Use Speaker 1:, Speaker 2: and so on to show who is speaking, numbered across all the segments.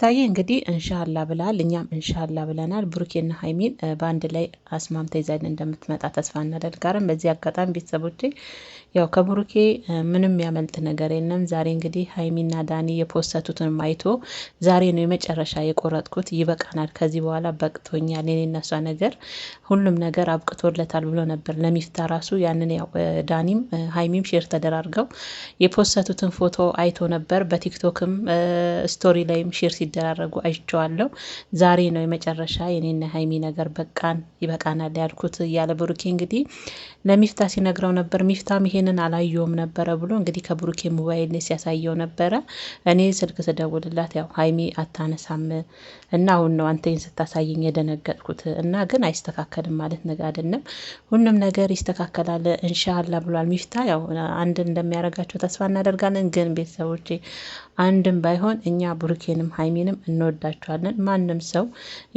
Speaker 1: ታዬ እንግዲህ እንሻላ ብላል፣ እኛም እንሻላ ብለናል። ብሩኬና ሀይሚን በአንድ ላይ አስማምተ ይዛል እንደምትመጣ ተስፋ እናደርጋለን። በዚህ አጋጣሚ ቤተሰቦቼ ያው ከብሩኬ ምንም ያመልጥ ነገር የለም። ዛሬ እንግዲህ ሀይሚና ዳኒ የፖስተቱትን ማይቶ ዛሬ ነው የመጨረሻ የቆረጥኩት፣ ይበቃናል፣ ከዚህ በኋላ በቅቶኛል፣ የኔ እነሷ ነገር ሁሉም ነገር አብቅቶለታል ብሎ ነበር ለሚፍታ ራሱ። ያንን ያው ዳኒም ሀይሚም ሼር ተደራርገው የፖስተቱትን ፎቶ አይቶ ነበር። በቲክቶክም ስቶሪ ላይም ሼር ሲደራረጉ አይቼዋለሁ። ዛሬ ነው የመጨረሻ የኔና ሀይሚ ነገር በቃን፣ ይበቃናል ያልኩት እያለ ብሩኬ እንግዲህ ለሚፍታ ሲነግረው ነበር። ሚፍታም ይሄ ይሄንን አላየውም ነበረ ብሎ እንግዲህ ከብሩኬ ሞባይል ሲያሳየው ነበረ። እኔ ስልክ ስደውልላት ያው ሀይሚ አታነሳም እና አሁን ነው አንተን ስታሳየኝ የደነገጥኩት እና ግን አይስተካከልም ማለት ነገ አይደለም ሁሉም ነገር ይስተካከላል እንሻላ ብሏል። ሚፍታ ያው አንድ እንደሚያደርጋቸው ተስፋ እናደርጋለን። ግን ቤተሰቦቼ አንድም ባይሆን እኛ ብሩኬንም ሀይሚንም እንወዳቸዋለን። ማንም ሰው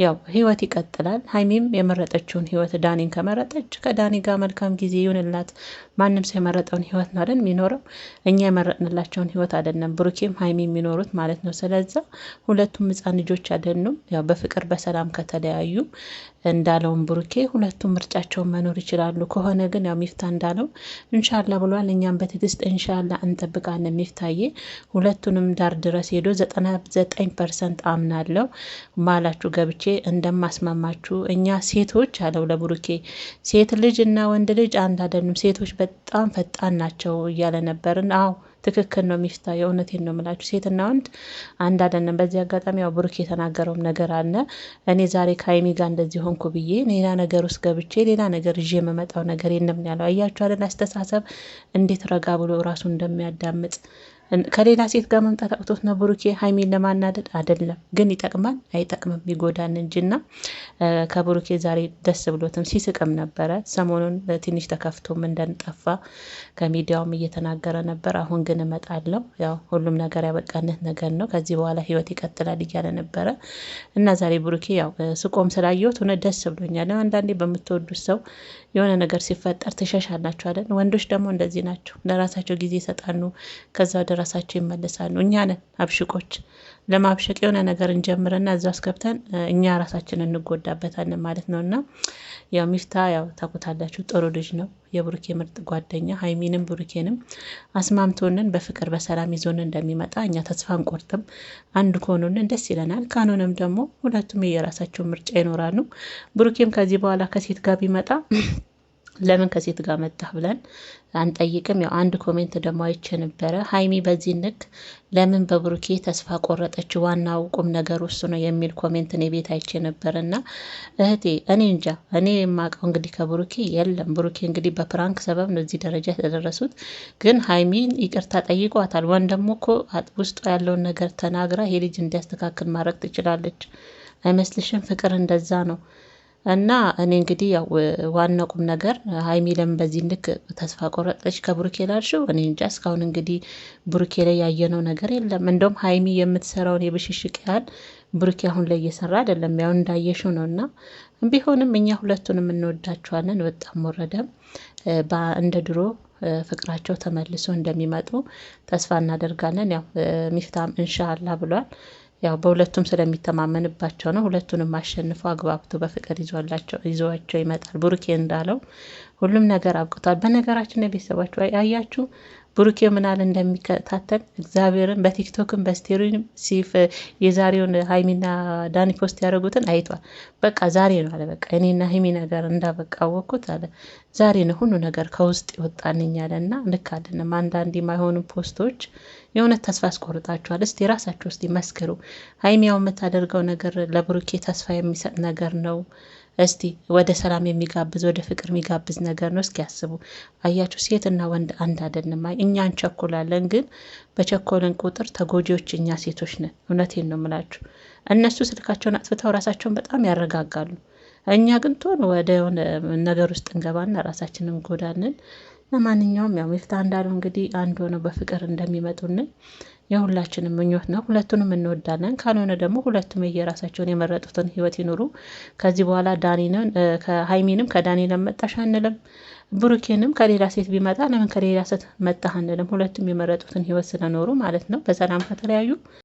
Speaker 1: ያው ህይወት ይቀጥላል። ሀይሚም የመረጠችውን ህይወት ዳኒን ከመረጠች ከዳኒ ጋር መልካም ጊዜ ይሁንላት። ማንም ሰው የመረጠውን ህይወት ነው አይደል የሚኖረው። እኛ የመረጥንላቸውን ህይወት አይደለም ብሩኬም ሀይሚ የሚኖሩት ማለት ነው። ስለዛ ሁለቱም ህፃን ልጆች አይደሉም። ያው በፍቅር በሰላም ከተለያዩ እንዳለውም ብሩኬ ሁለቱም ምርጫቸውን መኖር ይችላሉ። ከሆነ ግን ያው ሚፍታ እንዳለው እንሻላ ብሏል። እኛም በትግስት እንሻላ እንጠብቃለን። ሚፍታዬ ሁለቱንም ዳር ድረስ ሄዶ ዘጠና ዘጠኝ ፐርሰንት አምናለው ማላችሁ ገብቼ እንደማስማማችሁ እኛ ሴቶች አለው ለብሩኬ ሴት ልጅ እና ወንድ ልጅ አንድ አይደሉም። ሴቶች በጣም ፈ ፈጣን ናቸው እያለ ነበርን። አዎ ትክክል ነው ሚፍታ፣ የእውነቴን ነው የምላችሁ። ሴትና ወንድ አንድ አይደለም። በዚህ አጋጣሚ ያው ብሩክ የተናገረውም ነገር አለ። እኔ ዛሬ ከሀይሚ ጋር እንደዚህ ሆንኩ ብዬ ሌላ ነገር ውስጥ ገብቼ ሌላ ነገር ይዤ የምመጣው ነገር የለም ያለው አያችሁ አስተሳሰብ እንዴት ረጋ ብሎ ራሱ እንደሚያዳምጥ ከሌላ ሴት ጋር መምጣት አቅቶት ነው ብሩኬ ሀይሚን ለማናደድ አይደለም። ግን ይጠቅማል አይጠቅምም ይጎዳን እንጂና ከብሩኬ ዛሬ ደስ ብሎትም ሲስቅም ነበረ። ሰሞኑን ትንሽ ተከፍቶም እንደንጠፋ ከሚዲያውም እየተናገረ ነበር። አሁን ግን እመጣለሁ ያው ሁሉም ነገር ያበቃነት ነገር ነው፣ ከዚህ በኋላ ህይወት ይቀጥላል እያለ ነበረ እና ዛሬ ብሩኬ ያው ስቆም ስላየሁት ሆነ ደስ ብሎኛል። አንዳንዴ በምትወዱት ሰው የሆነ ነገር ሲፈጠር ትሸሻላችሁ አይደል? ወንዶች ደግሞ እንደዚህ ናቸው። ለራሳቸው ጊዜ ይሰጣሉ ከዛ ራሳቸው ይመለሳሉ። እኛ ነን አብሽቆች። ለማብሸቅ የሆነ ነገር እንጀምርና እዛ አስገብተን እኛ ራሳችን እንጎዳበታለን ማለት ነው። እና ያው ሚፍታ ያው ታውቁታላችሁ፣ ጥሩ ልጅ ነው። የብሩኬ ምርጥ ጓደኛ ሀይሚንም ብሩኬንም አስማምቶንን በፍቅር በሰላም ይዞን እንደሚመጣ እኛ ተስፋ አንቆርጥም። አንድ ከሆኑንን ደስ ይለናል። ካኖንም ደግሞ ሁለቱም የራሳቸው ምርጫ ይኖራሉ። ብሩኬም ከዚህ በኋላ ከሴት ጋር ቢመጣ ለምን ከሴት ጋር መጣህ ብለን አንጠይቅም። ያው አንድ ኮሜንት ደግሞ አይቼ ነበረ ሀይሚ በዚህ ንክ ለምን በብሩኬ ተስፋ ቆረጠች? ዋናው ቁም ነገር እሱ ነው የሚል ኮሜንት እኔ ቤት አይቼ ነበረ እና እህቴ እኔ እንጃ እኔ የማውቀው እንግዲህ ከብሩኬ የለም። ብሩኬ እንግዲህ በፕራንክ ሰበብ ነው እዚህ ደረጃ የተደረሱት። ግን ሀይሚን ይቅርታ ጠይቋታል። ወን ደግሞ እኮ ውስጡ ያለውን ነገር ተናግራ ይሄ ልጅ እንዲያስተካክል ማድረግ ትችላለች። አይመስልሽም? ፍቅር እንደዛ ነው። እና እኔ እንግዲህ ያው ዋና ቁም ነገር ሃይሚ በዚህ ልክ ተስፋ ቆረጠች ከብሩኬ ላልሽው እኔ እንጃ እስካሁን እንግዲህ ብሩኬ ላይ ያየነው ነገር የለም። እንደውም ሀይሚ የምትሰራውን የብሽሽቅ ያህል ብሩኬ አሁን ላይ እየሰራ አይደለም። ያው እንዳየሽው ነው እና ቢሆንም እኛ ሁለቱንም እንወዳቸዋለን። ወጣም ወረደም እንደ ድሮ ፍቅራቸው ተመልሶ እንደሚመጡ ተስፋ እናደርጋለን። ያው ሚፍታም እንሻላ ብሏል። ያው በሁለቱም ስለሚተማመንባቸው ነው። ሁለቱንም አሸንፎ አግባብቶ በፍቅር ይዟቸው ይመጣል። ብሩኬ እንዳለው ሁሉም ነገር አብቅቷል። በነገራችን ላይ ቤተሰባችሁ አያችሁ ብሩኬ ምናል እንደሚከታተል እግዚአብሔርን በቲክቶክን በስቴሪን ሲፍ የዛሬውን ሀይሚና ዳኒ ፖስት ያደረጉትን አይቷል። በቃ ዛሬ ነው አለ በቃ እኔና ሀይሚ ነገር እንዳበቃ አወቅኩት አለ። ዛሬ ነው ሁሉ ነገር ከውስጥ ይወጣልኝ አለ እና ልክ አይደለም። አንዳንድ የማይሆኑ ፖስቶች የእውነት ተስፋ አስቆርጣችኋል። እስቲ ራሳችሁ ውስጥ ይመስክሩ። ሀይሚ ያው የምታደርገው ነገር ለብሩኬ ተስፋ የሚሰጥ ነገር ነው እስቲ ወደ ሰላም የሚጋብዝ ወደ ፍቅር የሚጋብዝ ነገር ነው። እስኪ ያስቡ። አያችሁ፣ ሴትና ወንድ አንድ አይደለም። አይ እኛ እንቸኮላለን፣ ግን በቸኮልን ቁጥር ተጎጂዎች እኛ ሴቶች ነን። እውነቴን ነው የምላችሁ። እነሱ ስልካቸውን አጥፍተው ራሳቸውን በጣም ያረጋጋሉ። እኛ ግን ቶን ወደ የሆነ ነገር ውስጥ እንገባና ራሳችንን እንጎዳለን። ለማንኛውም ያው ሚፍታ እንዳሉ እንግዲህ አንድ ሆነው በፍቅር እንደሚመጡልን የሁላችንም ምኞት ነው። ሁለቱንም እንወዳለን። ካልሆነ ደግሞ ሁለቱም የራሳቸውን የመረጡትን ህይወት ይኑሩ። ከዚህ በኋላ ዳኒንም ከሀይሚንም ከዳኒ ለመጣሽ አንልም፣ ብሩኬንም ከሌላ ሴት ቢመጣ ለምን ከሌላ ሴት መጣህ አንልም። ሁለቱም የመረጡትን ህይወት ስለኖሩ ማለት ነው። በሰላም ከተለያዩ